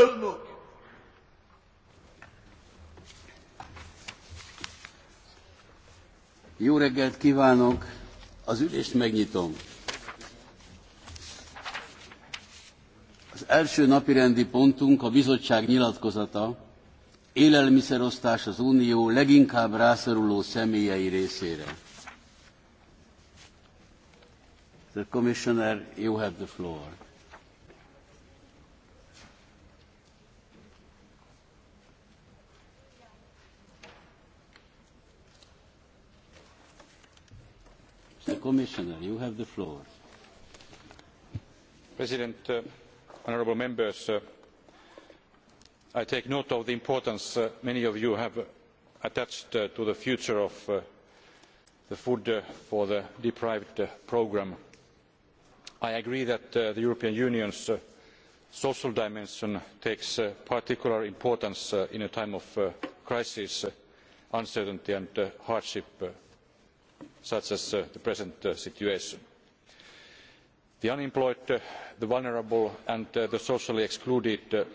Elnök! Jó reggelt kívánok! Az ülést megnyitom. Az első napirendi pontunk a bizottság nyilatkozata, élelmiszerosztás az Unió leginkább rászoruló személyei részére. The Commissioner, you have the floor. President, uh, honourable members, uh, I take note of the importance uh, many of you have attached to the future of the Food for the Deprived programme. I agree that the European Union's social dimension takes particular importance in a time of crisis, uncertainty and hardship such as uh, the present uh, situation. the unemployed uh, the vulnerable and the socially excluded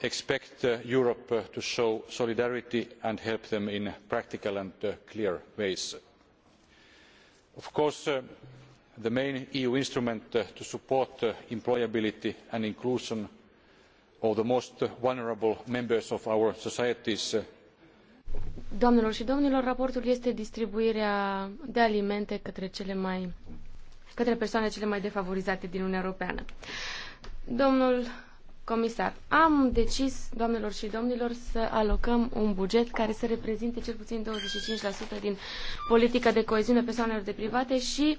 expect europe to show solidarity and help them in practical and clear ways. of course the main eu instrument to support employability and inclusion of the most vulnerable members of our societies Doamnelor și domnilor, raportul este distribuirea de alimente către cele mai către persoanele cele mai defavorizate din Uniunea Europeană. Domnul comisar, am decis, doamnelor și domnilor, să alocăm un buget care să reprezinte cel puțin 25% din politica de coeziune persoanelor de private și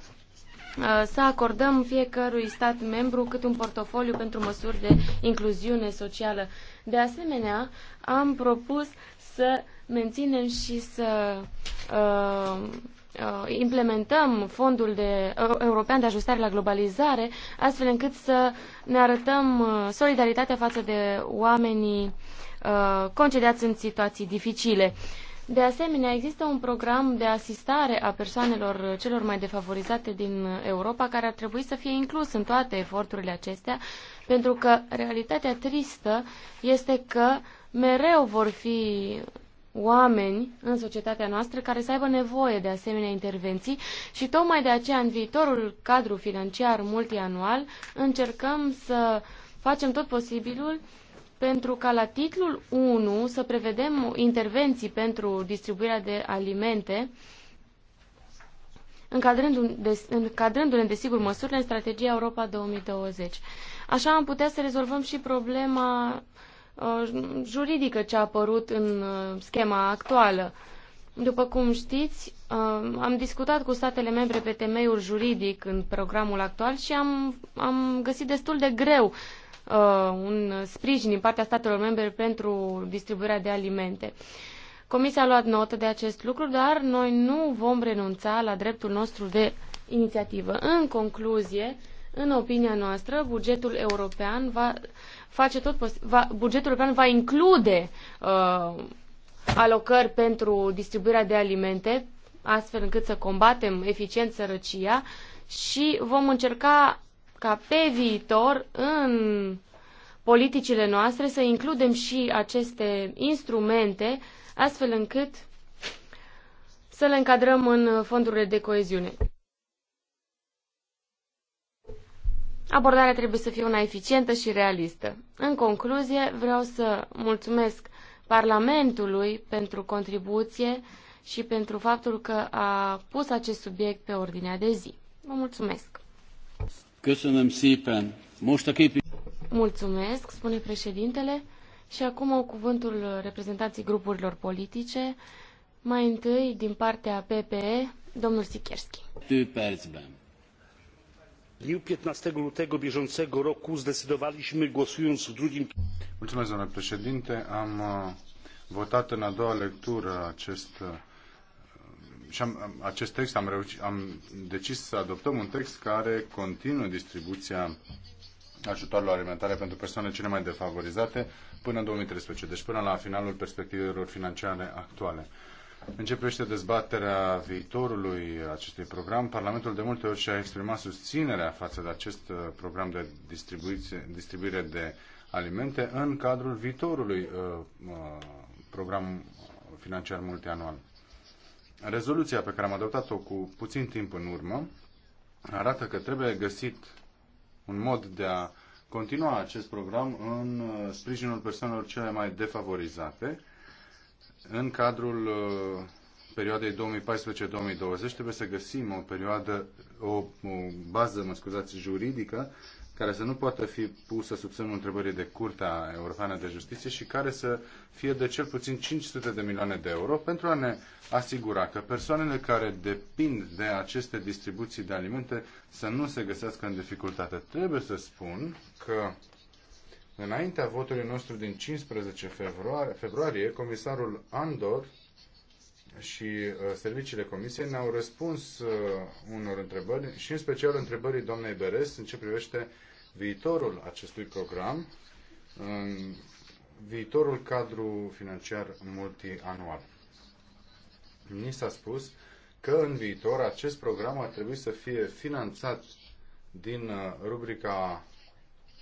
uh, să acordăm fiecărui stat membru cât un portofoliu pentru măsuri de incluziune socială. De asemenea, am propus să menținem și să uh, uh, implementăm fondul de, uh, european de ajustare la globalizare, astfel încât să ne arătăm uh, solidaritatea față de oamenii uh, concediați în situații dificile. De asemenea, există un program de asistare a persoanelor celor mai defavorizate din Europa care ar trebui să fie inclus în toate eforturile acestea, pentru că realitatea tristă este că uh, mereu vor fi oameni în societatea noastră care să aibă nevoie de asemenea intervenții și tocmai de aceea în viitorul cadru financiar multianual încercăm să facem tot posibilul pentru ca la titlul 1 să prevedem intervenții pentru distribuirea de alimente, încadrându-ne, desigur, măsurile în strategia Europa 2020. Așa am putea să rezolvăm și problema Uh, juridică ce a apărut în uh, schema actuală. După cum știți, uh, am discutat cu statele membre pe temeiul juridic în programul actual și am, am găsit destul de greu un sprijin din partea statelor membre pentru distribuirea de alimente. Comisia a luat notă de acest lucru, dar noi nu vom renunța la dreptul nostru de inițiativă. În concluzie, în opinia noastră, bugetul european va face tot va, bugetul european va include uh, alocări pentru distribuirea de alimente, astfel încât să combatem eficient sărăcia și vom încerca ca pe viitor în politicile noastre să includem și aceste instrumente astfel încât să le încadrăm în fondurile de coeziune. Abordarea trebuie să fie una eficientă și realistă. În concluzie, vreau să mulțumesc Parlamentului pentru contribuție și pentru faptul că a pus acest subiect pe ordinea de zi. Vă mulțumesc! Mulțumesc, spune președintele. Și acum au cuvântul reprezentanții grupurilor politice. Mai întâi, din partea PPE, domnul Sikerski. Tu perți, ben. W dniu 15 lutego bieżącego roku zdecydowaliśmy, głosując w drugim... Mulțumesc, domnule președinte. Am uh, votat în a doua lectură acest uh, și am, acest text am, reuci, am decis să adoptăm un text care continuă distribuția ajutoarelor alimentare pentru persoanele cele mai defavorizate până în 2013, deci până la finalul perspectivelor financiare actuale. Începește dezbaterea viitorului acestui program. Parlamentul de multe ori și-a exprimat susținerea față de acest uh, program de distribuire de alimente în cadrul viitorului uh, uh, program financiar multianual. Rezoluția pe care am adoptat-o cu puțin timp în urmă arată că trebuie găsit un mod de a continua acest program în sprijinul persoanelor cele mai defavorizate în cadrul uh, perioadei 2014-2020 trebuie să găsim o perioadă, o, o bază, mă scuzați, juridică care să nu poată fi pusă sub semnul întrebării de Curtea Europeană de Justiție și care să fie de cel puțin 500 de milioane de euro pentru a ne asigura că persoanele care depind de aceste distribuții de alimente să nu se găsească în dificultate. Trebuie să spun că Înaintea votului nostru din 15 februarie, februarie comisarul Andor și uh, serviciile comisiei ne-au răspuns uh, unor întrebări și în special întrebării doamnei Beres în ce privește viitorul acestui program, în viitorul cadru financiar multianual. Ni s-a spus că în viitor acest program ar trebui să fie finanțat din uh, rubrica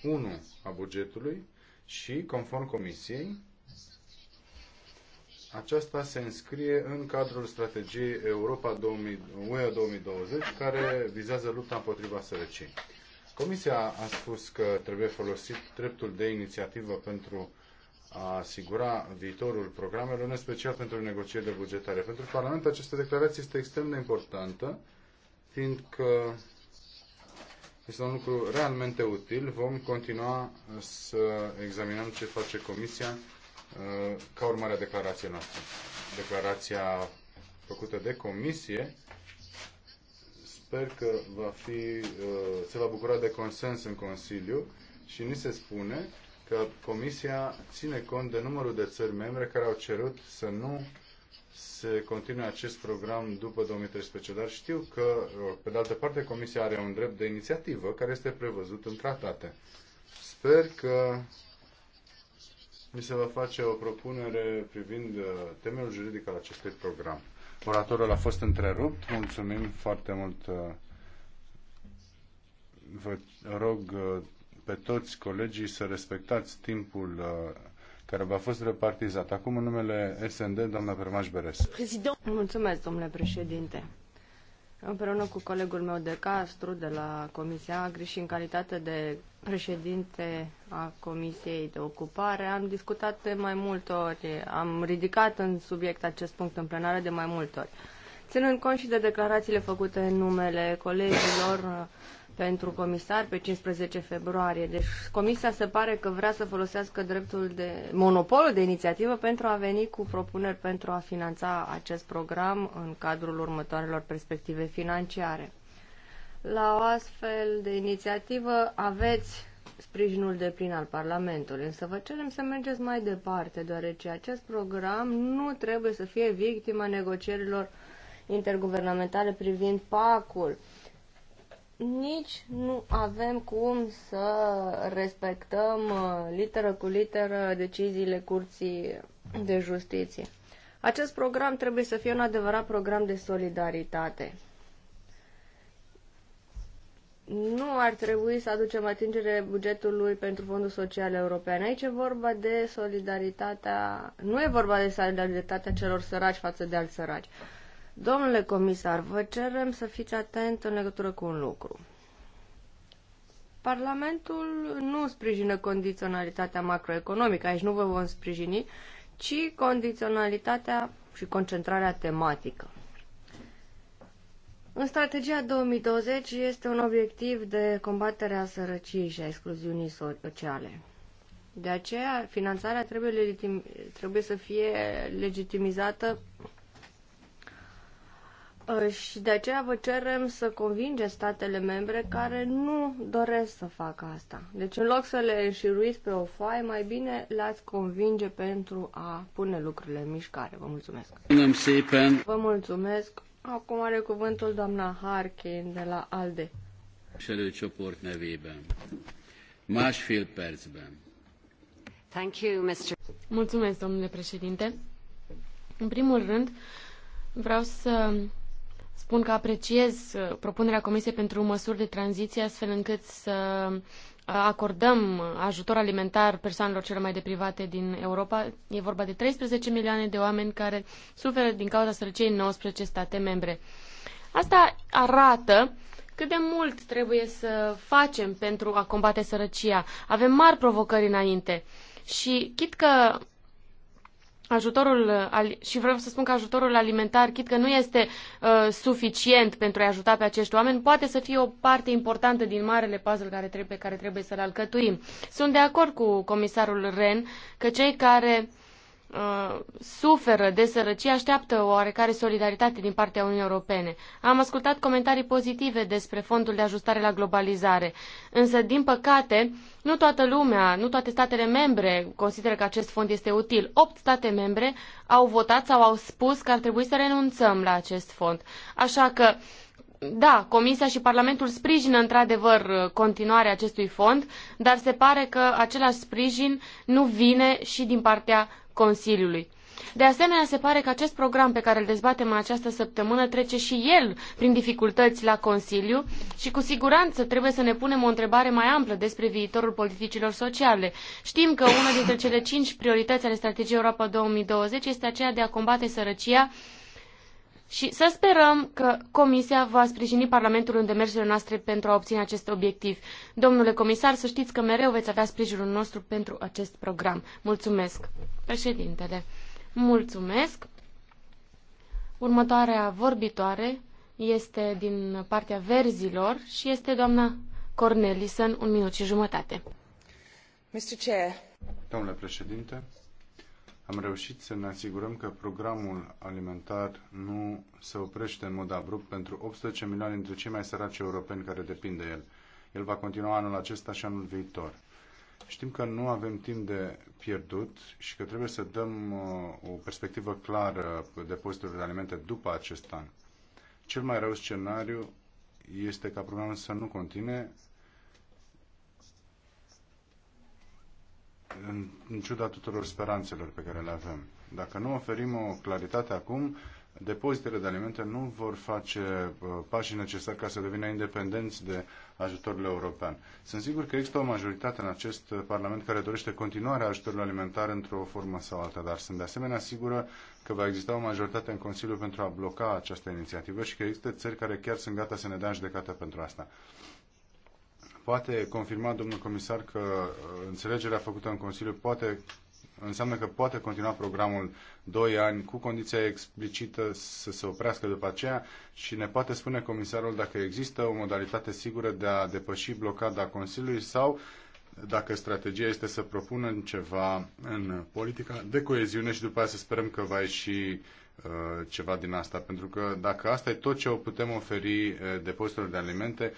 1 a bugetului și, conform Comisiei, aceasta se înscrie în cadrul strategiei Europa 2000, UE 2020, care vizează lupta împotriva sărăciei. Comisia a spus că trebuie folosit dreptul de inițiativă pentru a asigura viitorul programelor, în special pentru negocierile bugetare. Pentru Parlament această declarație este extrem de importantă, fiindcă este un lucru realmente util. Vom continua să examinăm ce face Comisia uh, ca urmare a declarației noastre. Declarația făcută de Comisie sper că va fi, uh, se va bucura de consens în Consiliu și ni se spune că Comisia ține cont de numărul de țări membre care au cerut să nu se continue acest program după 2013, dar știu că, pe de altă parte, Comisia are un drept de inițiativă care este prevăzut în tratate. Sper că mi se va face o propunere privind uh, temelul juridic al acestui program. Oratorul a fost întrerupt. Mulțumim foarte mult. Uh, vă rog uh, pe toți colegii să respectați timpul care v-a fost repartizat. Acum, în numele SND, doamna Permaș Beres. Prezident. Mulțumesc, domnule președinte. Împreună cu colegul meu de Castru de la Comisia Agri și în calitate de președinte a Comisiei de Ocupare, am discutat de mai multe ori, am ridicat în subiect acest punct în plenară de mai multe ori. Ținând cont și de declarațiile făcute în numele colegilor, pentru comisar pe 15 februarie. Deci comisia se pare că vrea să folosească dreptul de monopolul de inițiativă pentru a veni cu propuneri pentru a finanța acest program în cadrul următoarelor perspective financiare. La o astfel de inițiativă aveți sprijinul de plin al Parlamentului, însă vă cerem să mergeți mai departe, deoarece acest program nu trebuie să fie victima negocierilor interguvernamentale privind pacul nici nu avem cum să respectăm uh, literă cu literă deciziile Curții de Justiție. Acest program trebuie să fie un adevărat program de solidaritate. Nu ar trebui să aducem atingere bugetului pentru Fondul Social European. Aici e vorba de solidaritatea, nu e vorba de solidaritatea celor săraci față de alți săraci. Domnule comisar, vă cerem să fiți atent în legătură cu un lucru. Parlamentul nu sprijină condiționalitatea macroeconomică, aici nu vă vom sprijini, ci condiționalitatea și concentrarea tematică. În strategia 2020 este un obiectiv de combatere a sărăciei și a excluziunii sociale. De aceea, finanțarea trebuie, legitim, trebuie să fie legitimizată Uh, și de aceea vă cerem să convinge statele membre care nu doresc să facă asta. Deci în loc să le înșiruiți pe o foaie, mai bine le-ați convinge pentru a pune lucrurile în mișcare. Vă mulțumesc! Vă mulțumesc! Acum are cuvântul doamna Harkin de la ALDE. Thank you, Mr. Mulțumesc, domnule președinte. În primul rând, vreau să spun că apreciez uh, propunerea Comisiei pentru măsuri de tranziție, astfel încât să uh, acordăm ajutor alimentar persoanelor cele mai deprivate din Europa. E vorba de 13 milioane de oameni care suferă din cauza sărăciei în 19 state membre. Asta arată cât de mult trebuie să facem pentru a combate sărăcia. Avem mari provocări înainte. Și chit că ajutorul și vreau să spun că ajutorul alimentar, chit că nu este uh, suficient pentru a ajuta pe acești oameni, poate să fie o parte importantă din marele puzzle care trebuie, care trebuie să-l alcătuim. Sunt de acord cu comisarul Ren că cei care uh, Uh, suferă de sărăcie așteaptă o oarecare solidaritate din partea Uniunii Europene. Am ascultat comentarii pozitive despre fondul de ajustare la globalizare, însă, din păcate, nu toată lumea, nu toate statele membre consideră că acest fond este util. Opt state membre au votat sau au spus că ar trebui să renunțăm la acest fond. Așa că da, Comisia și Parlamentul sprijină într-adevăr continuarea acestui fond, dar se pare că același sprijin nu vine și din partea Consiliului. De asemenea, se pare că acest program pe care îl dezbatem în această săptămână trece și el prin dificultăți la Consiliu și cu siguranță trebuie să ne punem o întrebare mai amplă despre viitorul politicilor sociale. Știm că una dintre cele cinci priorități ale strategiei Europa 2020 este aceea de a combate sărăcia și să sperăm că Comisia va sprijini Parlamentul în demersurile noastre pentru a obține acest obiectiv. Domnule comisar, să știți că mereu veți avea sprijinul nostru pentru acest program. Mulțumesc. Președintele, mulțumesc. Următoarea vorbitoare este din partea verzilor și este doamna Cornelison, un minut și jumătate. Mr. Chair. Domnule președinte, am reușit să ne asigurăm că programul alimentar nu se oprește în mod abrupt pentru 18 milioane dintre cei mai săraci europeni care depind de el. El va continua anul acesta și anul viitor. Știm că nu avem timp de pierdut și că trebuie să dăm uh, o perspectivă clară depozitelor de alimente după acest an. Cel mai rău scenariu este ca programul să nu continue în ciuda tuturor speranțelor pe care le avem. Dacă nu oferim o claritate acum, depozitele de alimente nu vor face uh, pașii necesari ca să devină independenți de ajutorul european. Sunt sigur că există o majoritate în acest Parlament care dorește continuarea ajutorului alimentar într-o formă sau alta, dar sunt de asemenea sigură că va exista o majoritate în Consiliu pentru a bloca această inițiativă și că există țări care chiar sunt gata să ne dea judecată pentru asta poate confirma domnul comisar că uh, înțelegerea făcută în Consiliu poate înseamnă că poate continua programul 2 ani cu condiția explicită să se oprească după aceea și ne poate spune comisarul dacă există o modalitate sigură de a depăși blocada Consiliului sau dacă strategia este să propună ceva în politica de coeziune și după aceea să sperăm că va ieși uh, ceva din asta, pentru că dacă asta e tot ce o putem oferi uh, depozitelor de alimente,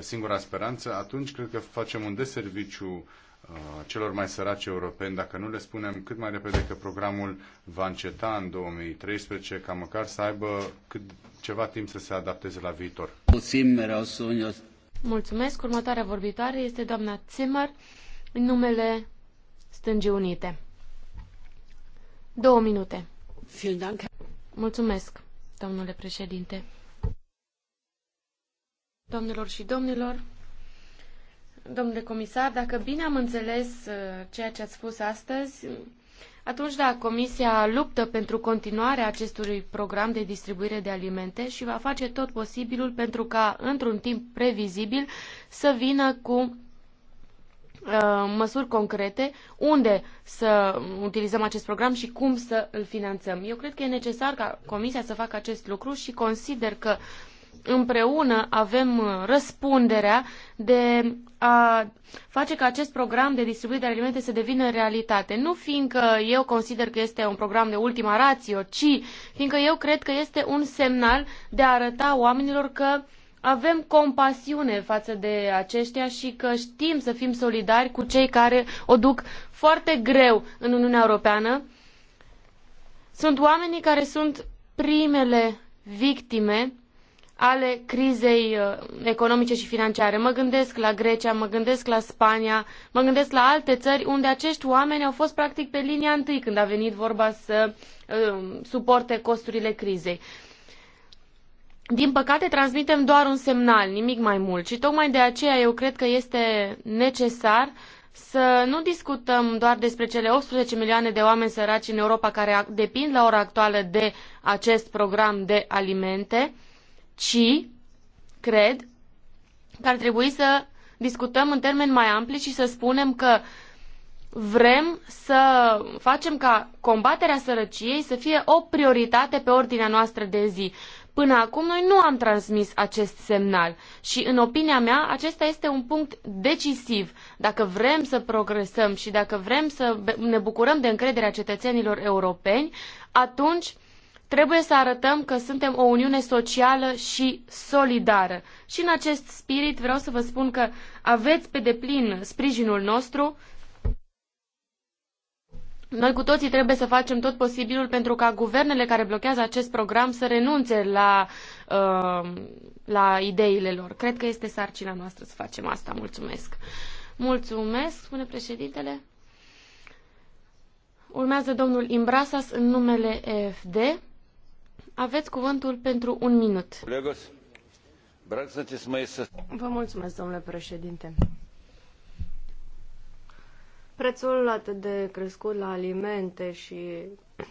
singura speranță, atunci cred că facem un deserviciu uh, celor mai săraci europeni dacă nu le spunem cât mai repede că programul va înceta în 2013, ca măcar să aibă cât, ceva timp să se adapteze la viitor. Mulțumesc. Următoarea vorbitoare este doamna Zimmer, în numele Stângii Unite. Două minute. Mulțumesc, domnule președinte. Domnilor și domnilor, domnule comisar, dacă bine am înțeles uh, ceea ce ați spus astăzi, atunci da, Comisia luptă pentru continuarea acestui program de distribuire de alimente și va face tot posibilul pentru ca, într-un timp previzibil, să vină cu uh, măsuri concrete unde să utilizăm acest program și cum să îl finanțăm. Eu cred că e necesar ca Comisia să facă acest lucru și consider că uh, împreună avem uh, răspunderea de a face ca acest program de distribuire de alimente să devină realitate. Nu fiindcă eu consider că este un program de ultima rațio, ci fiindcă eu cred că este un semnal de a arăta oamenilor că avem compasiune față de aceștia și că știm să fim solidari cu cei care o duc foarte greu în Uniunea Europeană. Sunt oamenii care sunt primele victime ale crizei uh, economice și financiare. Mă gândesc la Grecia, mă gândesc la Spania, mă gândesc la alte țări unde acești oameni au fost practic pe linia întâi când a venit vorba să uh, suporte costurile crizei. Din păcate, transmitem doar un semnal, nimic mai mult. Și tocmai de aceea eu cred că este necesar să nu discutăm doar despre cele 18 milioane de oameni săraci în Europa care depind la ora actuală de acest program de alimente, ci cred că ar trebui să discutăm în termeni mai ampli și să spunem că vrem să facem ca combaterea sărăciei să fie o prioritate pe ordinea noastră de zi. Până acum noi nu am transmis acest semnal și, în opinia mea, acesta este un punct decisiv. Dacă vrem să progresăm și dacă vrem să ne bucurăm de încrederea cetățenilor europeni, atunci Trebuie să arătăm că suntem o uniune socială și solidară. Și în acest spirit vreau să vă spun că aveți pe deplin sprijinul nostru. Noi cu toții trebuie să facem tot posibilul pentru ca guvernele care blochează acest program să renunțe la, uh, la ideile lor. Cred că este sarcina noastră să facem asta. Mulțumesc. Mulțumesc, spune președintele. Urmează domnul Imbrasas în numele EFD. Aveți cuvântul pentru un minut. Vă mulțumesc, domnule președinte. Prețul atât de crescut la alimente și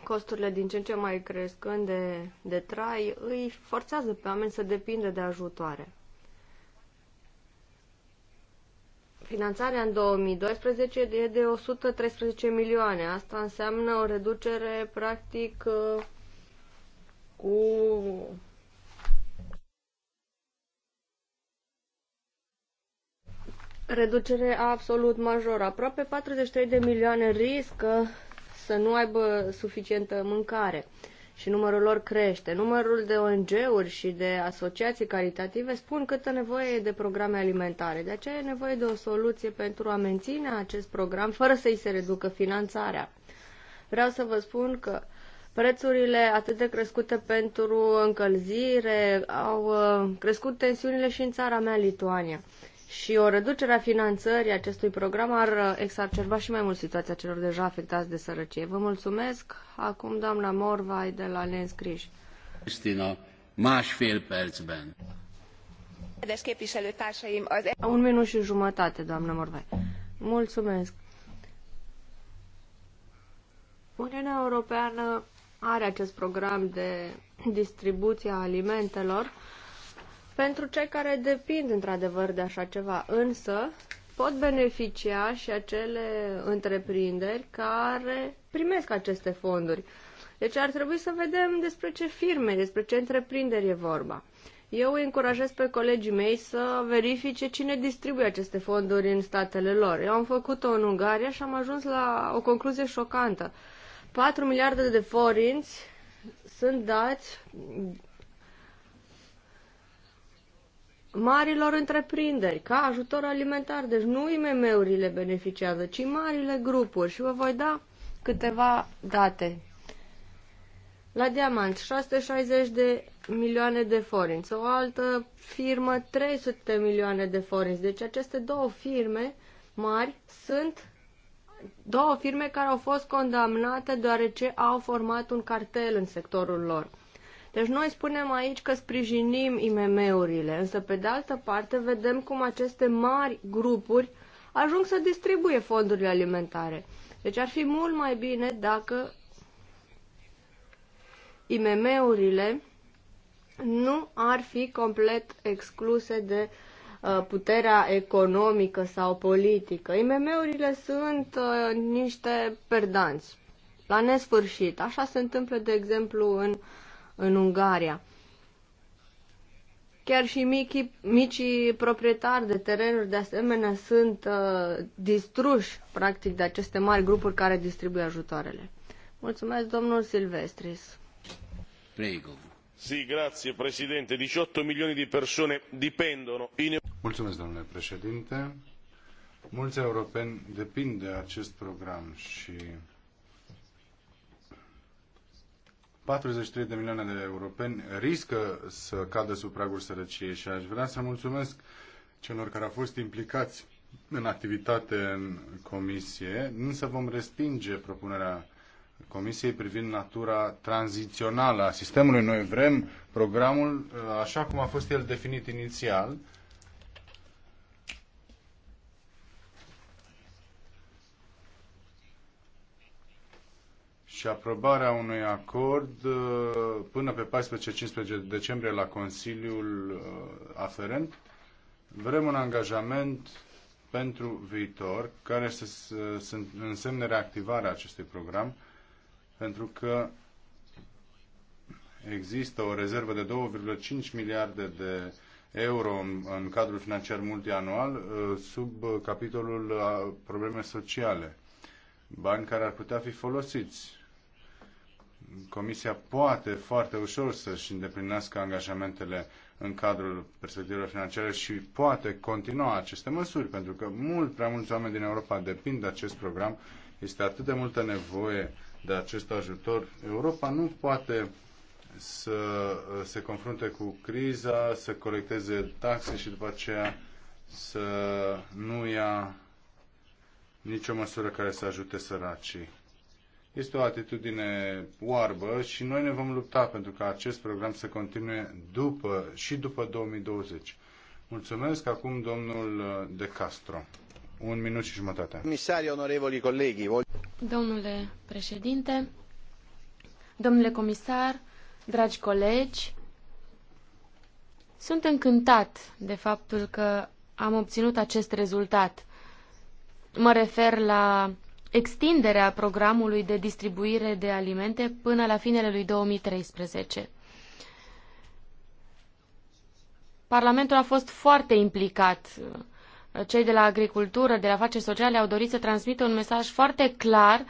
costurile din ce în ce mai crescând de, de trai îi forțează pe oameni să depindă de ajutoare. Finanțarea în 2012 e de 113 milioane. Asta înseamnă o reducere practic cu reducere absolut majoră. Aproape 43 de milioane riscă să nu aibă suficientă mâncare și numărul lor crește. Numărul de ONG-uri și de asociații caritative spun câtă nevoie e de programe alimentare. De aceea e nevoie de o soluție pentru a menține acest program fără să i se reducă finanțarea. Vreau să vă spun că Prețurile atât de crescute pentru încălzire au uh, crescut tensiunile și în țara mea, Lituania. Și o reducere a finanțării acestui program ar uh, exacerba și mai mult situația celor deja afectați de sărăcie. Vă mulțumesc. Acum doamna Morvai de la Nenscriș. Cristina, másfél percben. Kedves Un minut și jumătate, doamna Morvai. Mulțumesc. Uniunea Europeană are acest program de distribuție a alimentelor pentru cei care depind într-adevăr de așa ceva, însă pot beneficia și acele întreprinderi care primesc aceste fonduri. Deci ar trebui să vedem despre ce firme, despre ce întreprinderi e vorba. Eu îi încurajez pe colegii mei să verifice cine distribuie aceste fonduri în statele lor. Eu am făcut-o în Ungaria și am ajuns la o concluzie șocantă. 4 miliarde de forinți sunt dați marilor întreprinderi, ca ajutor alimentar. Deci nu IMM-urile beneficiază, ci marile grupuri. Și vă voi da câteva date. La Diamant, 660 de milioane de forinți. O altă firmă, 300 milioane de forinți. Deci aceste două firme mari sunt două firme care au fost condamnate deoarece au format un cartel în sectorul lor. Deci noi spunem aici că sprijinim IMM-urile, însă pe de altă parte vedem cum aceste mari grupuri ajung să distribuie fondurile alimentare. Deci ar fi mult mai bine dacă IMM-urile nu ar fi complet excluse de uh, Uh, puterea economică sau politică. IMM-urile sunt uh, niște perdanți la nesfârșit. Așa se întâmplă, de exemplu, în, în Ungaria. Chiar și micii, micii proprietari de terenuri, de asemenea, sunt uh, distruși, practic, de aceste mari grupuri care distribuie ajutoarele. Mulțumesc, domnul Silvestris. Prego. Sì, grazie Presidente. 18 milioni di persone dipendono in Mulțumesc, domnule președinte. Mulți europeni depind de acest program și 43 de milioane de europeni riscă să cadă sub pragul sărăciei și aș vrea să mulțumesc celor care au fost implicați în activitate în comisie, însă vom respinge propunerea Comisiei privind natura tranzițională a sistemului. Noi vrem programul uh, așa cum a fost el definit inițial și deci, aprobarea unui acord uh, până pe 14-15 decembrie la Consiliul uh, aferent, vrem un angajament pentru viitor care să, să însemne reactivarea acestui program, pentru că există o rezervă de 2,5 miliarde de euro în, în cadrul financiar multianual uh, sub capitolul probleme sociale, bani care ar putea fi folosiți Comisia poate foarte ușor să-și îndeplinească angajamentele în cadrul perspectivelor financiare și poate continua aceste măsuri, pentru că mult prea mulți oameni din Europa depind de acest program. Este atât de multă nevoie de acest ajutor. Europa nu poate să uh, se confrunte cu criza, să colecteze taxe și după aceea să nu ia nicio măsură care să ajute săracii. Este o atitudine oarbă și noi ne vom lupta pentru ca acest program să continue după, și după 2020. Mulțumesc acum domnul uh, De Castro. Un minut și jumătate. Comisari, onorevoli colegi. Domnule președinte, domnule comisar, dragi colegi, sunt încântat de faptul că am obținut acest rezultat. Mă refer la extinderea programului de distribuire de alimente până la finele lui 2013. Parlamentul a fost foarte implicat. Cei de la agricultură, de la afaceri sociale au dorit să transmită un mesaj foarte clar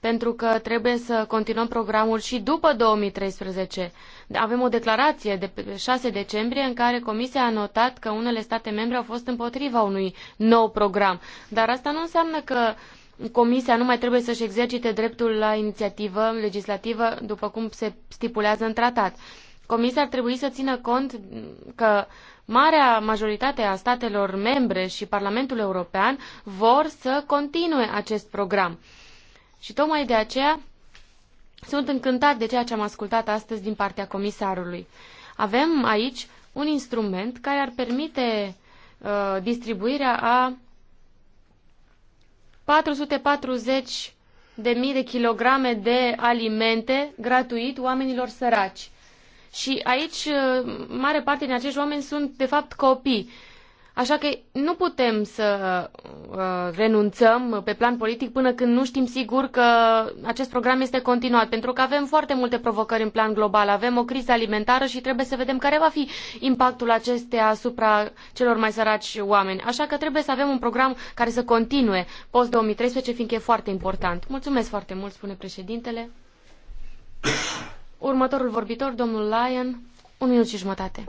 pentru că trebuie să continuăm programul și după 2013. Avem o declarație de 6 decembrie în care Comisia a notat că unele state membre au fost împotriva unui nou program. Dar asta nu înseamnă că uh, Comisia nu mai trebuie să își exercite dreptul la inițiativă legislativă, după cum se stipulează în tratat. Comisia ar trebui să țină cont că marea majoritate a statelor membre și Parlamentul European vor să continue acest program. Și tocmai de aceea sunt încântat de ceea ce am ascultat astăzi din partea comisarului. Avem aici un instrument care ar permite uh, distribuirea a 440 de mii de kilograme de alimente gratuit oamenilor săraci. Și aici, mare parte din acești oameni sunt, de fapt, copii. Așa că nu putem să uh, renunțăm pe plan politic până când nu știm sigur că acest program este continuat, pentru că avem foarte multe provocări în plan global, avem o criză alimentară și trebuie să vedem care va fi impactul acesteia asupra celor mai săraci oameni. Așa că trebuie să avem un program care să continue post-2013, fiindcă e foarte important. Mulțumesc foarte mult, spune președintele. Următorul vorbitor, domnul Lyon, un minut și jumătate.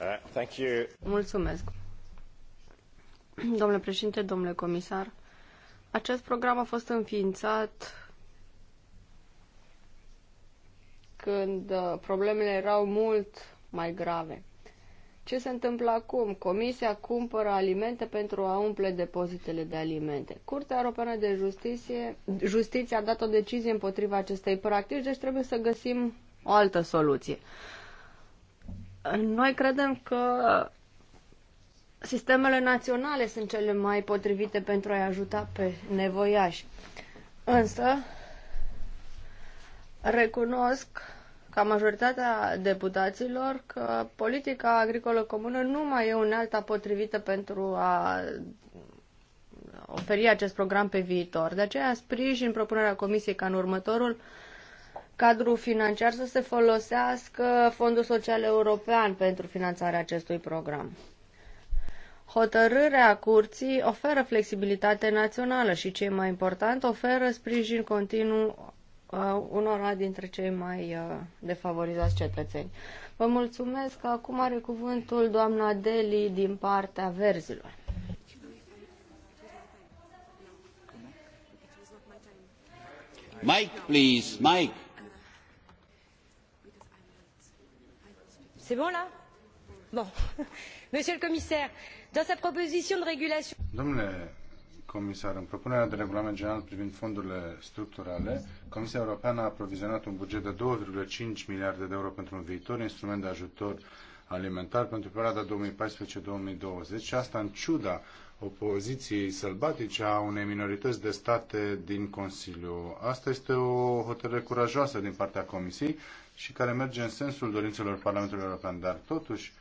Uh, Mulțumesc. Domnule președinte, domnule comisar, acest program a fost înființat când uh, problemele erau mult mai grave. Ce se întâmplă acum? Comisia cumpără alimente pentru a umple depozitele de alimente. Curtea Europeană de Justiție, Justiție a dat o decizie împotriva acestei practici, deci trebuie să găsim o altă soluție. Noi credem că sistemele naționale sunt cele mai potrivite pentru a-i ajuta pe nevoiași. Însă, recunosc ca majoritatea deputaților că politica agricolă comună nu mai e unealta potrivită pentru a oferi acest program pe viitor. De aceea sprijin propunerea Comisiei ca în următorul cadru financiar să se folosească Fondul Social European pentru finanțarea acestui program. Hotărârea curții oferă flexibilitate națională și, ce mai important, oferă sprijin continuu uh, unora dintre cei mai uh, defavorizați cetățeni. Vă mulțumesc că acum are cuvântul doamna Deli din partea verzilor. Mike, please, Mike. monsieur le commissaire dans sa proposition de régulation. domnule comisar în propunerea de regulament general privind fondurile structurale comisia europeană a aprovizionat un buget de doi cinci miliarde de euro pentru un viitor instrument de ajutor alimentar pentru perioada două mii paisprezece două mii douăzeci și asta în ciuda opoziției sălbatice a unei minorități de state din Consiliu. Asta este o hotărâre curajoasă din partea Comisiei și care merge în sensul dorințelor Parlamentului European, dar totuși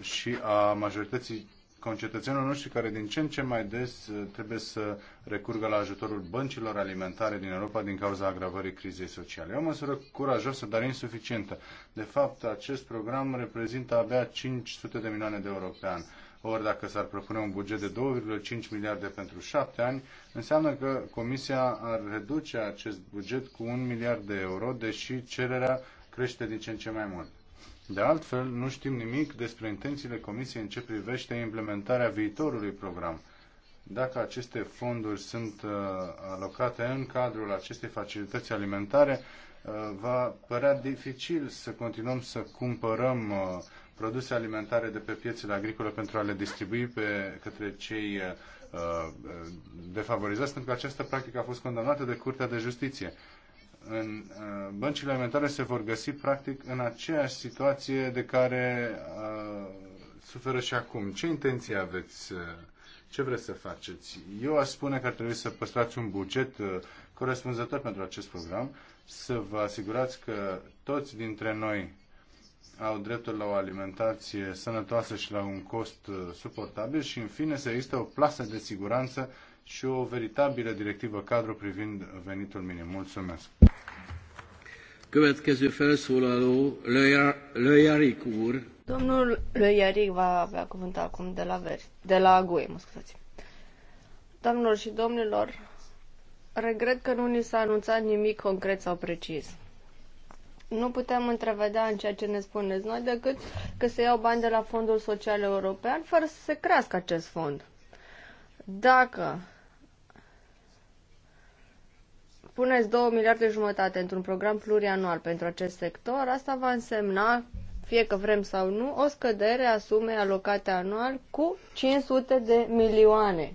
și a majorității concetățenilor noștri care din ce în ce mai des uh, trebuie să recurgă la ajutorul băncilor alimentare din Europa din cauza agravării crizei sociale. E o măsură curajoasă, dar insuficientă. De fapt, acest program reprezintă abia 500 de milioane de euro pe an. Ori dacă s-ar propune un buget de 2,5 miliarde pentru 7 ani, înseamnă că Comisia ar reduce acest buget cu 1 miliard de euro, deși cererea crește din ce în ce mai mult. De altfel, nu știm nimic despre intențiile Comisiei în ce privește implementarea viitorului program. Dacă aceste fonduri sunt uh, alocate în cadrul acestei facilități alimentare, uh, va părea dificil să continuăm să cumpărăm uh, produse alimentare de pe piețele agricole pentru a le distribui pe către cei uh, uh defavorizați, pentru că această practică a fost condamnată de Curtea de Justiție în uh, băncile alimentare se vor găsi practic în aceeași situație de care uh, suferă și acum. Ce intenție aveți? Uh, ce vreți să faceți? Eu aș spune că ar trebui să păstrați un buget uh, corespunzător pentru acest program, să vă asigurați că toți dintre noi au dreptul la o alimentație sănătoasă și la un cost suportabil și, în fine, să există o plasă de siguranță și o veritabilă directivă cadru privind venitul minim. Mulțumesc! Következő felszólaló Löjarik úr. Domnul Löjarik va avea cuvânt acum de la, ver- de la agui, mă scuzați. Doamnelor și domnilor, regret că nu ni s-a anunțat nimic concret sau precis. Nu putem întrevedea în ceea ce ne spuneți noi decât că se iau bani de la Fondul Social European fără să se crească acest fond. Dacă puneți 2 miliarde jumătate într-un program plurianual pentru acest sector, asta va însemna, fie că vrem sau nu, o scădere a sumei alocate anual cu 500 de milioane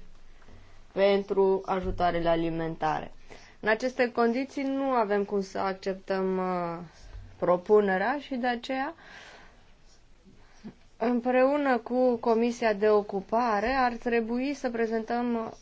pentru ajutoarele alimentare. În aceste condiții nu avem cum să acceptăm uh, propunerea și de aceea împreună cu Comisia de Ocupare ar trebui să prezentăm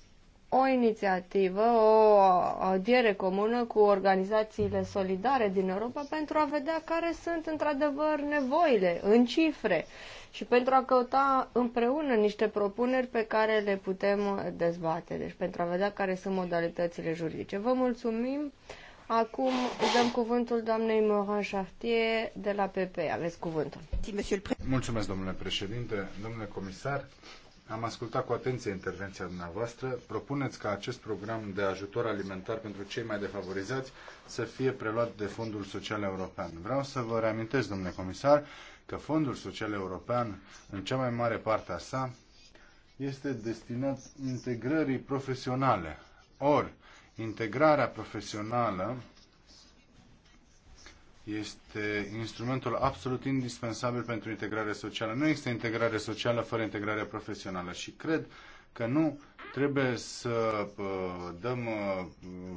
o inițiativă, o audiere comună cu organizațiile solidare din Europa pentru a vedea care sunt într-adevăr nevoile în cifre și pentru a căuta împreună niște propuneri pe care le putem dezbate, deci pentru a vedea care sunt modalitățile juridice. Vă mulțumim! Acum dăm cuvântul doamnei Morin Chartier de la PP. Aveți cuvântul. Mulțumesc, domnule președinte, domnule comisar. Am ascultat cu atenție intervenția dumneavoastră. Propuneți ca acest program de ajutor alimentar pentru cei mai defavorizați să fie preluat de Fondul Social European. Vreau să vă reamintesc, domnule comisar, că Fondul Social European, în cea mai mare parte a sa, este destinat integrării profesionale. Ori, integrarea profesională este instrumentul absolut indispensabil pentru integrare socială. Nu există integrare socială fără integrare profesională și cred că nu trebuie să uh, dăm uh,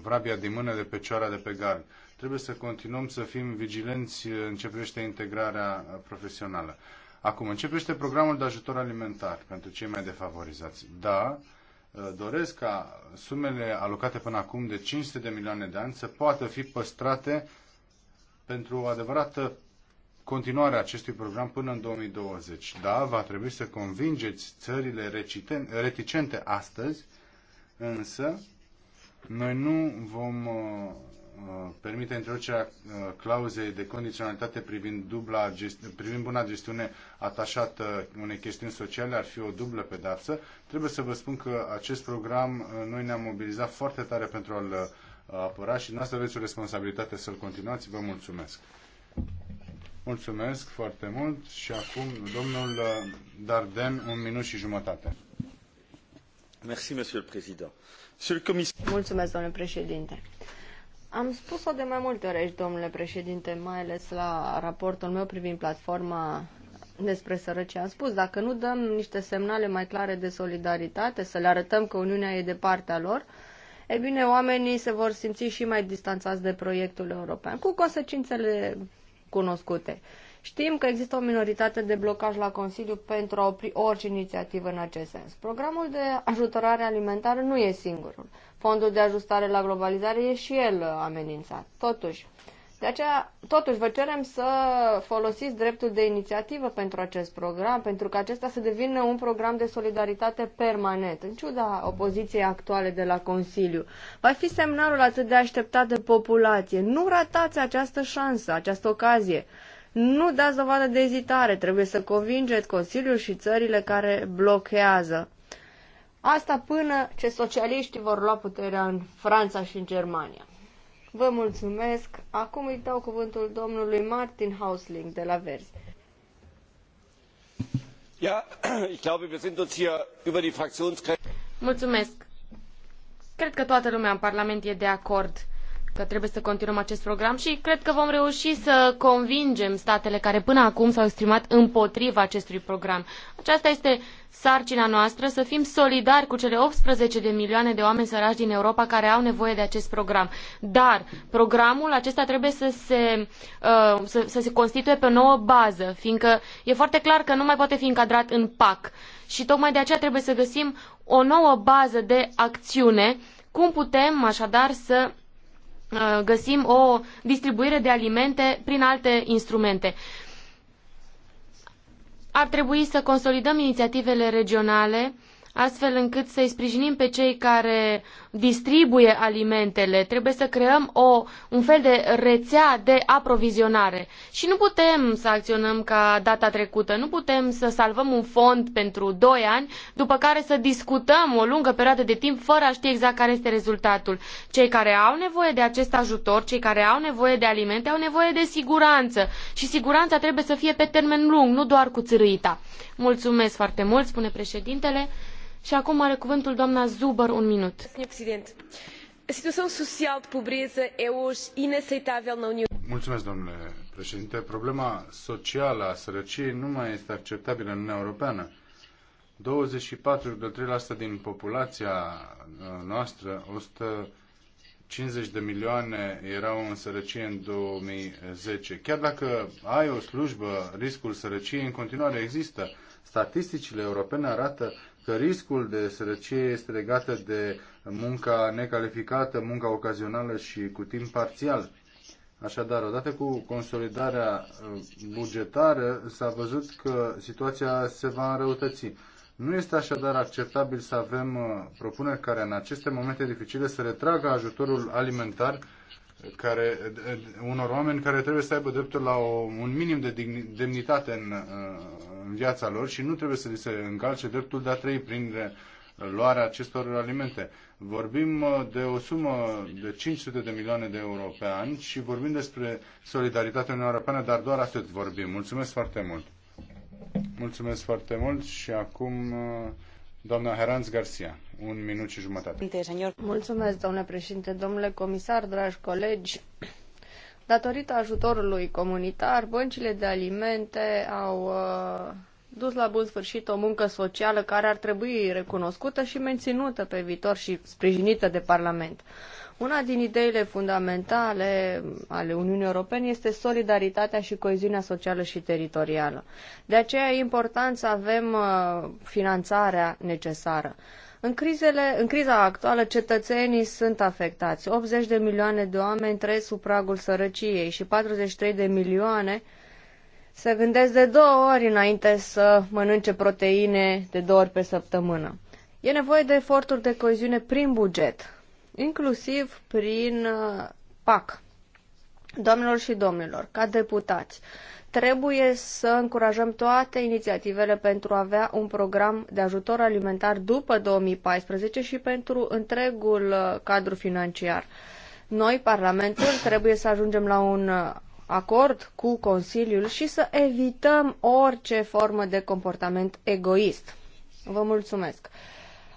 vrabia din mână de pe cioara de pe gard. Trebuie să continuăm să fim vigilenți în ce privește integrarea uh, profesională. Acum, începește programul de ajutor alimentar pentru cei mai defavorizați. Da, doresc ca sumele alocate până acum de 500 de milioane de ani să poată fi păstrate pentru o adevărată continuare a acestui program până în 2020. Da, va trebui să convingeți țările reticente astăzi, însă noi nu vom uh, uh, permite introducerea uh, clauzei de condiționalitate privind, dubla, privind buna gestiune atașată unei chestiuni sociale ar fi o dublă pedeapsă. Trebuie să vă spun că acest program noi ne-am mobilizat foarte tare pentru a-l apăra și noastră aveți o responsabilitate să-l continuați. Vă mulțumesc. Mulțumesc foarte mult și acum domnul Darden, un minut și jumătate. Merci, monsieur le président. Monsieur le commissaire... Mulțumesc, domnule președinte. Am spus-o de mai multe ori aici, domnule președinte, mai ales la raportul meu privind platforma despre sărăcie. Am spus, dacă nu dăm niște semnale mai clare de solidaritate, să le arătăm că Uniunea e de partea lor, uh, e bine, oamenii se vor simți și mai distanțați de proiectul european, cu consecințele cunoscute. Știm că există o minoritate de blocaj la Consiliu pentru a opri orice inițiativă în acest sens. Programul de ajutorare alimentară nu e singurul. Fondul de ajustare la globalizare e și el amenințat. Totuși, de aceea, totuși, vă cerem să folosiți dreptul de inițiativă pentru acest program, pentru că acesta să devină un program de solidaritate permanent, în ciuda opoziției actuale de la Consiliu. Va fi semnalul atât de așteptat de populație. Nu ratați această șansă, această ocazie. Nu dați dovadă de ezitare, trebuie să convingeți Consiliul și țările care blochează. Asta până ce socialiștii vor lua puterea în Franța și în Germania. Vă mulțumesc. Acum îi dau cuvântul domnului Martin Hausling de la Verzi. Ja, ich glaube, wir sind uns hier über die Fraktionsgrenzen. Mulțumesc. Cred că toată lumea în Parlament e de acord că trebuie să continuăm acest program și cred că vom reuși să convingem statele care până acum s-au exprimat împotriva acestui program. Aceasta este sarcina noastră, să fim solidari cu cele 18 de milioane de oameni săraci din Europa care au nevoie de acest program. Dar programul acesta trebuie să se, uh, să, să se constituie pe o nouă bază, fiindcă e foarte clar că nu mai poate fi încadrat în PAC. Și tocmai de aceea trebuie să găsim o nouă bază de acțiune, cum putem așadar să Uh, găsim o distribuire de alimente prin alte instrumente. Ar trebui să consolidăm inițiativele regionale astfel încât să-i sprijinim pe cei care distribuie alimentele. Trebuie să creăm o, un fel de rețea de aprovizionare. Și nu putem să acționăm ca data trecută, nu putem să salvăm un fond pentru 2 ani, după care să discutăm o lungă perioadă de timp fără a ști exact care este rezultatul. Cei care au nevoie de acest ajutor, cei care au nevoie de alimente, au nevoie de siguranță. Și siguranța trebuie să fie pe termen lung, nu doar cu țârâita. Mulțumesc foarte mult, spune președintele. Și acum are cuvântul doamna Zuber un minut. A situação social de pobreza é hoje inaceitável na União. Mulțumesc, domnule președinte. Problema socială a sărăciei nu mai este acceptabilă în Uniunea Europeană. 24,3% din populația uh, noastră, 150 de milioane, erau în sărăcie în 2010. Chiar dacă ai o slujbă, riscul sărăciei în continuare există. Statisticile europene arată că riscul de sărăcie este legată de munca necalificată, munca ocazională și cu timp parțial. Așadar, odată cu consolidarea uh, bugetară, s-a văzut că situația se va înrăutăți. Nu este așadar acceptabil să avem uh, propuneri care în aceste momente dificile să retragă ajutorul alimentar care, unor oameni care trebuie să aibă dreptul la o, un minim de demnitate în, uh, în viața lor și nu trebuie să li se încalce dreptul de a trăi prin uh, luarea acestor alimente. Vorbim uh, de o sumă de 500 de milioane de euro pe an și vorbim despre solidaritatea Uniunii europeană, dar doar atât vorbim. Mulțumesc foarte mult! Mulțumesc foarte mult și acum Doamna Heranz Garcia, un minut și jumătate. Mulțumesc, domnule președinte, domnule comisar, dragi colegi. Datorită ajutorului comunitar, băncile de alimente au uh, dus la bun sfârșit o muncă socială care ar trebui recunoscută și menținută pe viitor și sprijinită de Parlament. Una din ideile fundamentale ale Uniunii Europene este solidaritatea și coeziunea socială și teritorială. De aceea e important să avem uh, finanțarea necesară. În, crizele, în criza actuală, cetățenii sunt afectați. 80 de milioane de oameni trăiesc sub pragul sărăciei și 43 de milioane se gândesc de două ori înainte să mănânce proteine de două ori pe săptămână. E nevoie de eforturi de coeziune prin buget inclusiv prin uh, PAC. Doamnelor și domnilor, ca deputați, trebuie să încurajăm toate inițiativele pentru a avea un program de ajutor alimentar după 2014 și pentru întregul uh, cadru financiar. Noi, Parlamentul, trebuie să ajungem la un uh, acord cu Consiliul și să evităm orice formă de comportament egoist. Vă mulțumesc!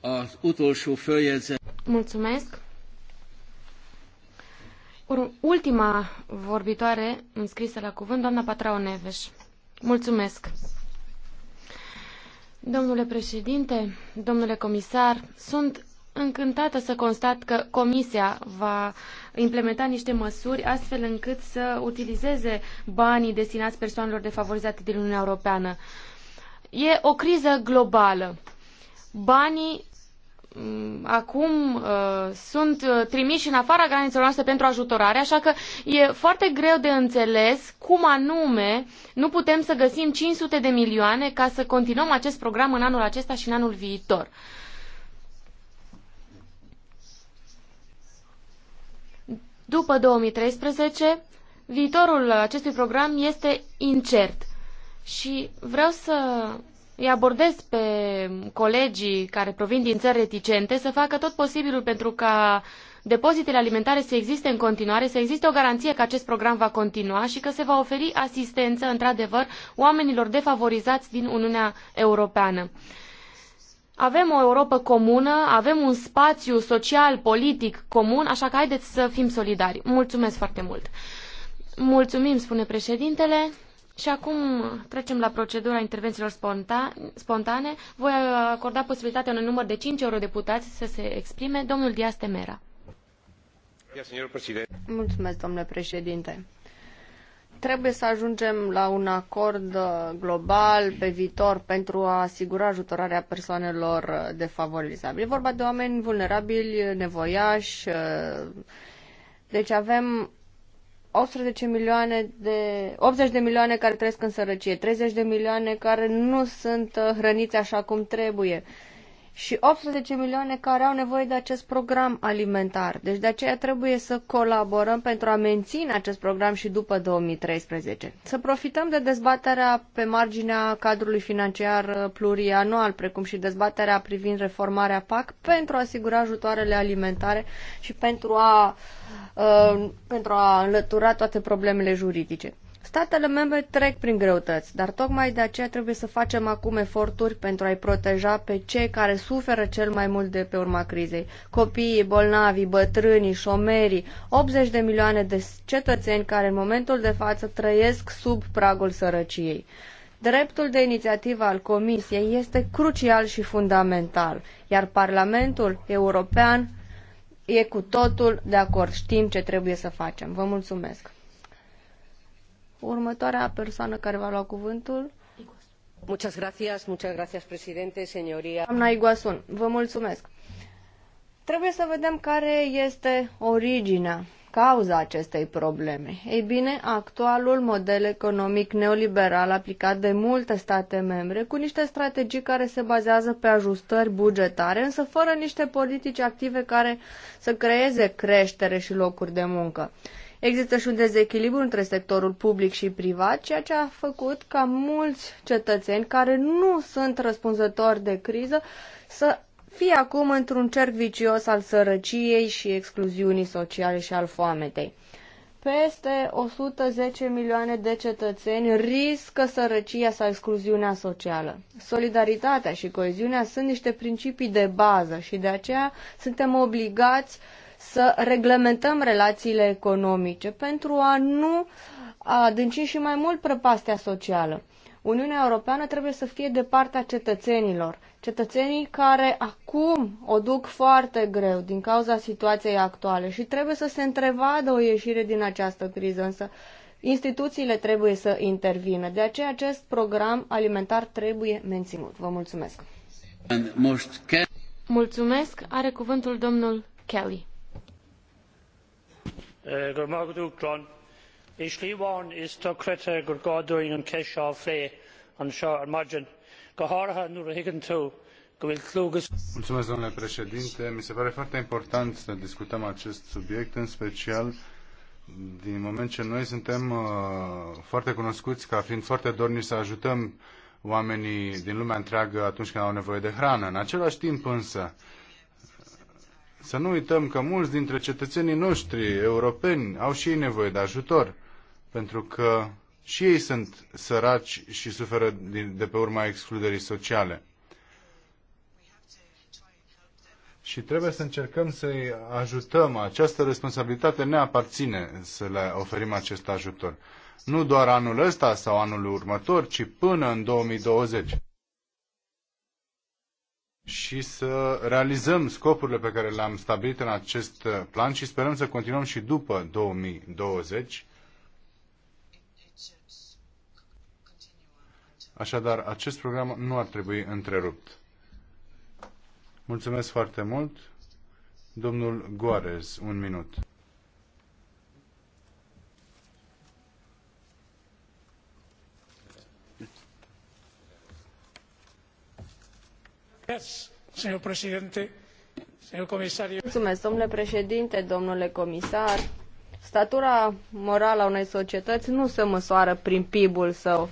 az utolsó följegyzet. Mulțumesc. Ultima vorbitoare înscrisă la cuvânt, doamna Patrao Neves. Mulțumesc. Domnule președinte, domnule comisar, sunt încântată să constat că Comisia va implementa niște măsuri astfel încât să utilizeze banii destinați persoanelor defavorizate din Uniunea Europeană. E o criză globală. Banii Mm, acum uh, sunt uh, trimiși în afara granițelor noastre pentru ajutorare, așa că e foarte greu de înțeles cum anume nu putem să găsim 500 de milioane ca să continuăm acest program în anul acesta și în anul viitor. După 2013, viitorul acestui program este incert și vreau să îi abordez pe colegii care provin din țări reticente să facă tot posibilul pentru ca depozitele alimentare să existe în continuare, să existe o garanție că acest program va continua și că se va oferi asistență, într-adevăr, oamenilor defavorizați din Uniunea Europeană. Avem o Europă comună, avem un spațiu social, politic comun, așa că haideți să fim solidari. Mulțumesc foarte mult! Mulțumim, spune președintele. Și acum trecem la procedura intervențiilor spontane. Voi acorda posibilitatea unui număr de 5 eurodeputați să se exprime. Domnul Dias Temera. Mulțumesc, domnule președinte. Trebuie să ajungem la un acord uh, global pe viitor pentru a asigura ajutorarea persoanelor uh, defavorizabile. E vorba de oameni vulnerabili, nevoiași. Uh, deci avem 18 milioane de, 80 de milioane care trăiesc în sărăcie, 30 de milioane care nu sunt uh, hrăniți așa cum trebuie și 18 milioane care au nevoie de acest program alimentar. Deci de aceea trebuie să colaborăm pentru a menține acest program și după 2013. Să profităm de dezbaterea pe marginea cadrului financiar uh, plurianual, precum și dezbaterea privind reformarea PAC pentru a asigura ajutoarele alimentare și pentru a uh, Uh, pentru a înlătura toate problemele juridice. Statele membre trec prin greutăți, dar tocmai de aceea trebuie să facem acum eforturi pentru a-i proteja pe cei care suferă cel mai mult de pe urma crizei. Copiii, bolnavii, bătrânii, șomerii, 80 de milioane de cetățeni care în momentul de față trăiesc sub pragul sărăciei. Dreptul de inițiativă al Comisiei este crucial și fundamental, iar Parlamentul European e cu totul de acord. Știm ce trebuie să facem. Vă mulțumesc. Următoarea persoană care va lua cuvântul. Muchas gracias, muchas gracias, presidente, señoría. Doamna Iguasun, vă mulțumesc. Trebuie să vedem care este originea cauza acestei probleme? Ei bine, actualul model economic neoliberal aplicat de multe state membre cu niște strategii care se bazează pe ajustări bugetare, însă fără niște politici active care să creeze creștere și locuri de muncă. Există și un dezechilibru între sectorul public și privat, ceea ce a făcut ca mulți cetățeni care nu sunt răspunzători de criză să fie acum într-un cerc vicios al sărăciei și excluziunii sociale și al foametei. Peste 110 milioane de cetățeni riscă sărăcia sau excluziunea socială. Solidaritatea și coeziunea sunt niște principii de bază și de aceea suntem obligați să reglementăm relațiile economice pentru a nu adânci și mai mult prăpastia socială. Uniunea Europeană trebuie să fie de partea cetățenilor cetățenii care acum o duc foarte greu din cauza situației actuale și trebuie să se întrevadă o ieșire din această criză, însă instituțiile trebuie să intervină. De aceea acest program alimentar trebuie menținut. Vă mulțumesc! Mulțumesc! Are cuvântul domnul Kelly. is to crete gurgodoin un kesha flay an shar margin Mulțumesc, domnule președinte. Mi se pare foarte important să discutăm acest subiect, în special din moment ce noi suntem uh, foarte cunoscuți ca fiind foarte dornici să ajutăm oamenii din lumea întreagă atunci când au nevoie de hrană. În același timp însă, să nu uităm că mulți dintre cetățenii noștri europeni au și ei nevoie de ajutor, pentru că și ei sunt săraci și suferă de pe urma excluderii sociale. Și trebuie să încercăm să-i ajutăm. Această responsabilitate ne aparține să le oferim acest ajutor. Nu doar anul ăsta sau anul următor, ci până în 2020. Și să realizăm scopurile pe care le-am stabilit în acest plan și sperăm să continuăm și după 2020 Așadar, acest program nu ar trebui întrerupt. Mulțumesc foarte mult. Domnul Goarez, un minut. Mulțumesc, domnule președinte, domnule comisar. Statura morală a unei societăți nu se măsoară prin PIB-ul său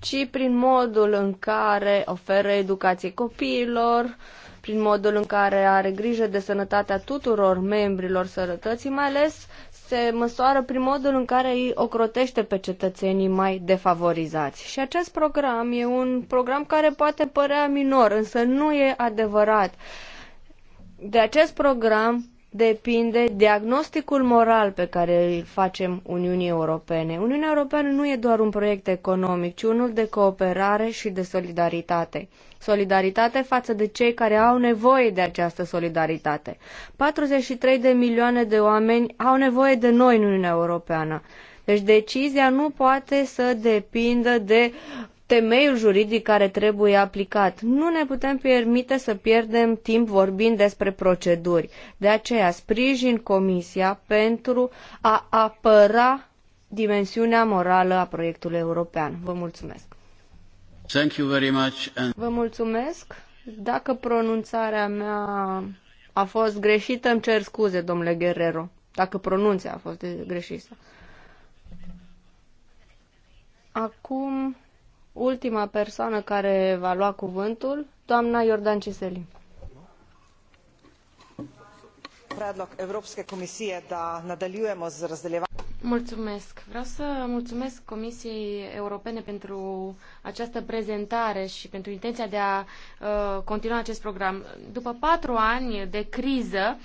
ci prin modul în care oferă educație copiilor, prin modul în care are grijă de sănătatea tuturor membrilor sănătății, mai ales se măsoară prin modul în care îi ocrotește pe cetățenii mai defavorizați. Și acest program e un program care poate părea minor, însă nu e adevărat. De acest program depinde diagnosticul moral pe care îl facem Uniunii Europene. Uniunea Europeană nu e doar un proiect economic, ci unul de cooperare și de solidaritate. Solidaritate față de cei care au nevoie de această solidaritate. 43 de milioane de oameni au nevoie de noi în Uniunea Europeană. Deci decizia nu poate să depindă de temeiul juridic care trebuie aplicat. Nu ne putem permite să pierdem timp vorbind despre proceduri. De aceea sprijin Comisia pentru a apăra dimensiunea morală a proiectului european. Vă mulțumesc! Thank you very much and... Vă mulțumesc! Dacă pronunțarea mea a fost greșită, îmi cer scuze, domnule Guerrero, dacă pronunția a fost greșită. Acum ultima persoană care va lua cuvântul, doamna Iordan Ciseli. Evropske komisije da Mulțumesc. Vreau să mulțumesc Comisiei Europene pentru această prezentare și pentru intenția de a uh, continua acest program. După patru ani de criză, uh,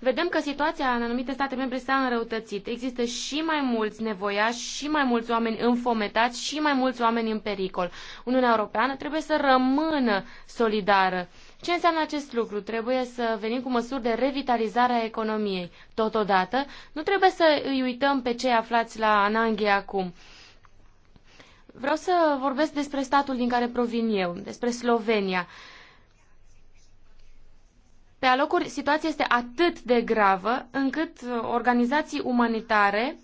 vedem că situația în anumite state membre s-a înrăutățit. Există și mai mulți nevoiași, și mai mulți oameni înfometați, și mai mulți oameni în pericol. Uniunea Europeană trebuie să rămână solidară. Ce înseamnă acest lucru? Trebuie să venim cu măsuri de revitalizare a economiei. Totodată, nu trebuie să îi uităm pe cei aflați la ananghe acum. Vreau să vorbesc despre statul din care provin eu, despre Slovenia. Pe alocuri, situația este atât de gravă încât uh, organizații umanitare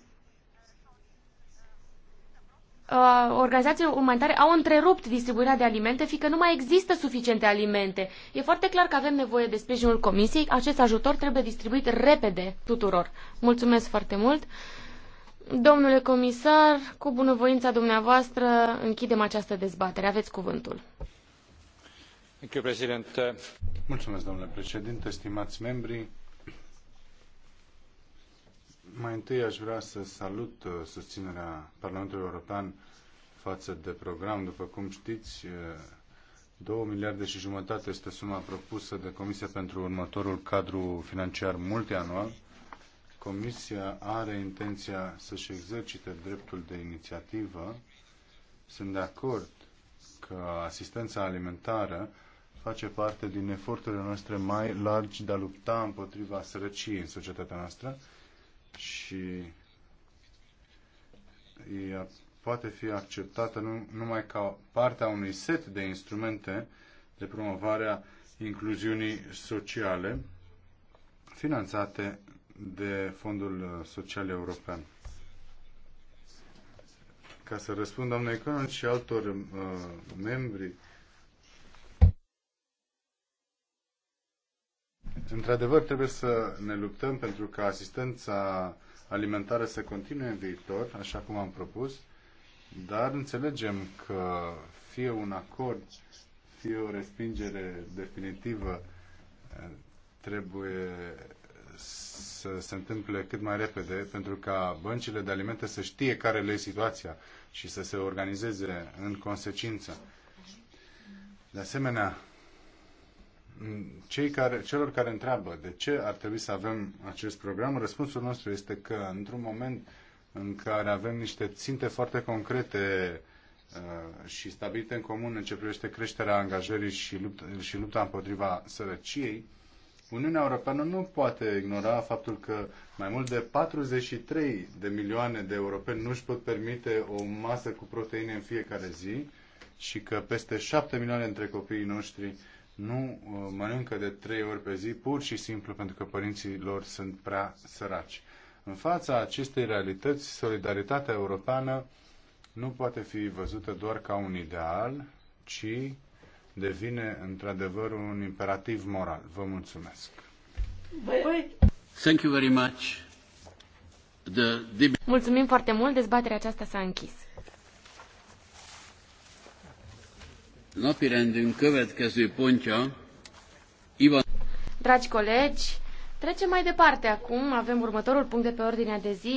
uh, organizațiile umanitare au întrerupt distribuirea de alimente, fiindcă nu mai există suficiente alimente. E foarte clar că avem nevoie de sprijinul Comisiei. Acest ajutor trebuie distribuit repede tuturor. Mulțumesc foarte mult. Domnule comisar, cu bunăvoința dumneavoastră, închidem această dezbatere. Aveți cuvântul. Mulțumesc, domnule președinte, membri. Mai întâi aș vrea să salut uh, susținerea Parlamentului European față de program. După cum știți, 2 uh, miliarde și jumătate este suma propusă de Comisia pentru următorul cadru financiar multianual. Comisia are intenția să-și exercite dreptul de inițiativă. Sunt de acord că asistența alimentară face parte din eforturile noastre mai largi de a lupta împotriva sărăciei în societatea noastră și ea poate fi acceptată nu, numai ca partea unui set de instrumente de promovare a incluziunii sociale finanțate de Fondul Social European. Ca să răspund doamne Cronin și altor uh, membri Într-adevăr, trebuie să ne luptăm pentru ca asistența alimentară să continue în viitor, așa cum am propus, dar înțelegem că fie un acord, fie o respingere definitivă trebuie să se întâmple cât mai repede pentru ca băncile de alimente să știe care le e situația și să se organizeze în consecință. De asemenea, cei care, celor care întreabă de ce ar trebui să avem acest program, răspunsul nostru este că într-un moment în care avem niște ținte foarte concrete uh, și stabilite în comun în ce privește creșterea angajării și lupta, și lupta împotriva sărăciei, Uniunea Europeană nu poate ignora faptul că mai mult de 43 de milioane de europeni nu își pot permite o masă cu proteine în fiecare zi și că peste 7 milioane dintre copiii noștri nu uh, mănâncă de trei ori pe zi, pur și simplu pentru că părinții lor sunt prea săraci. În fața acestei realități, solidaritatea europeană nu poate fi văzută doar ca un ideal, ci devine într-adevăr un imperativ moral. Vă mulțumesc. Thank you very much. The... Mulțumim foarte mult, dezbaterea aceasta s-a închis. Napirendünk következő pontja Ivan... Dragi colegi, trecem mai departe acum. Avem următorul punct de pe ordinea de zi.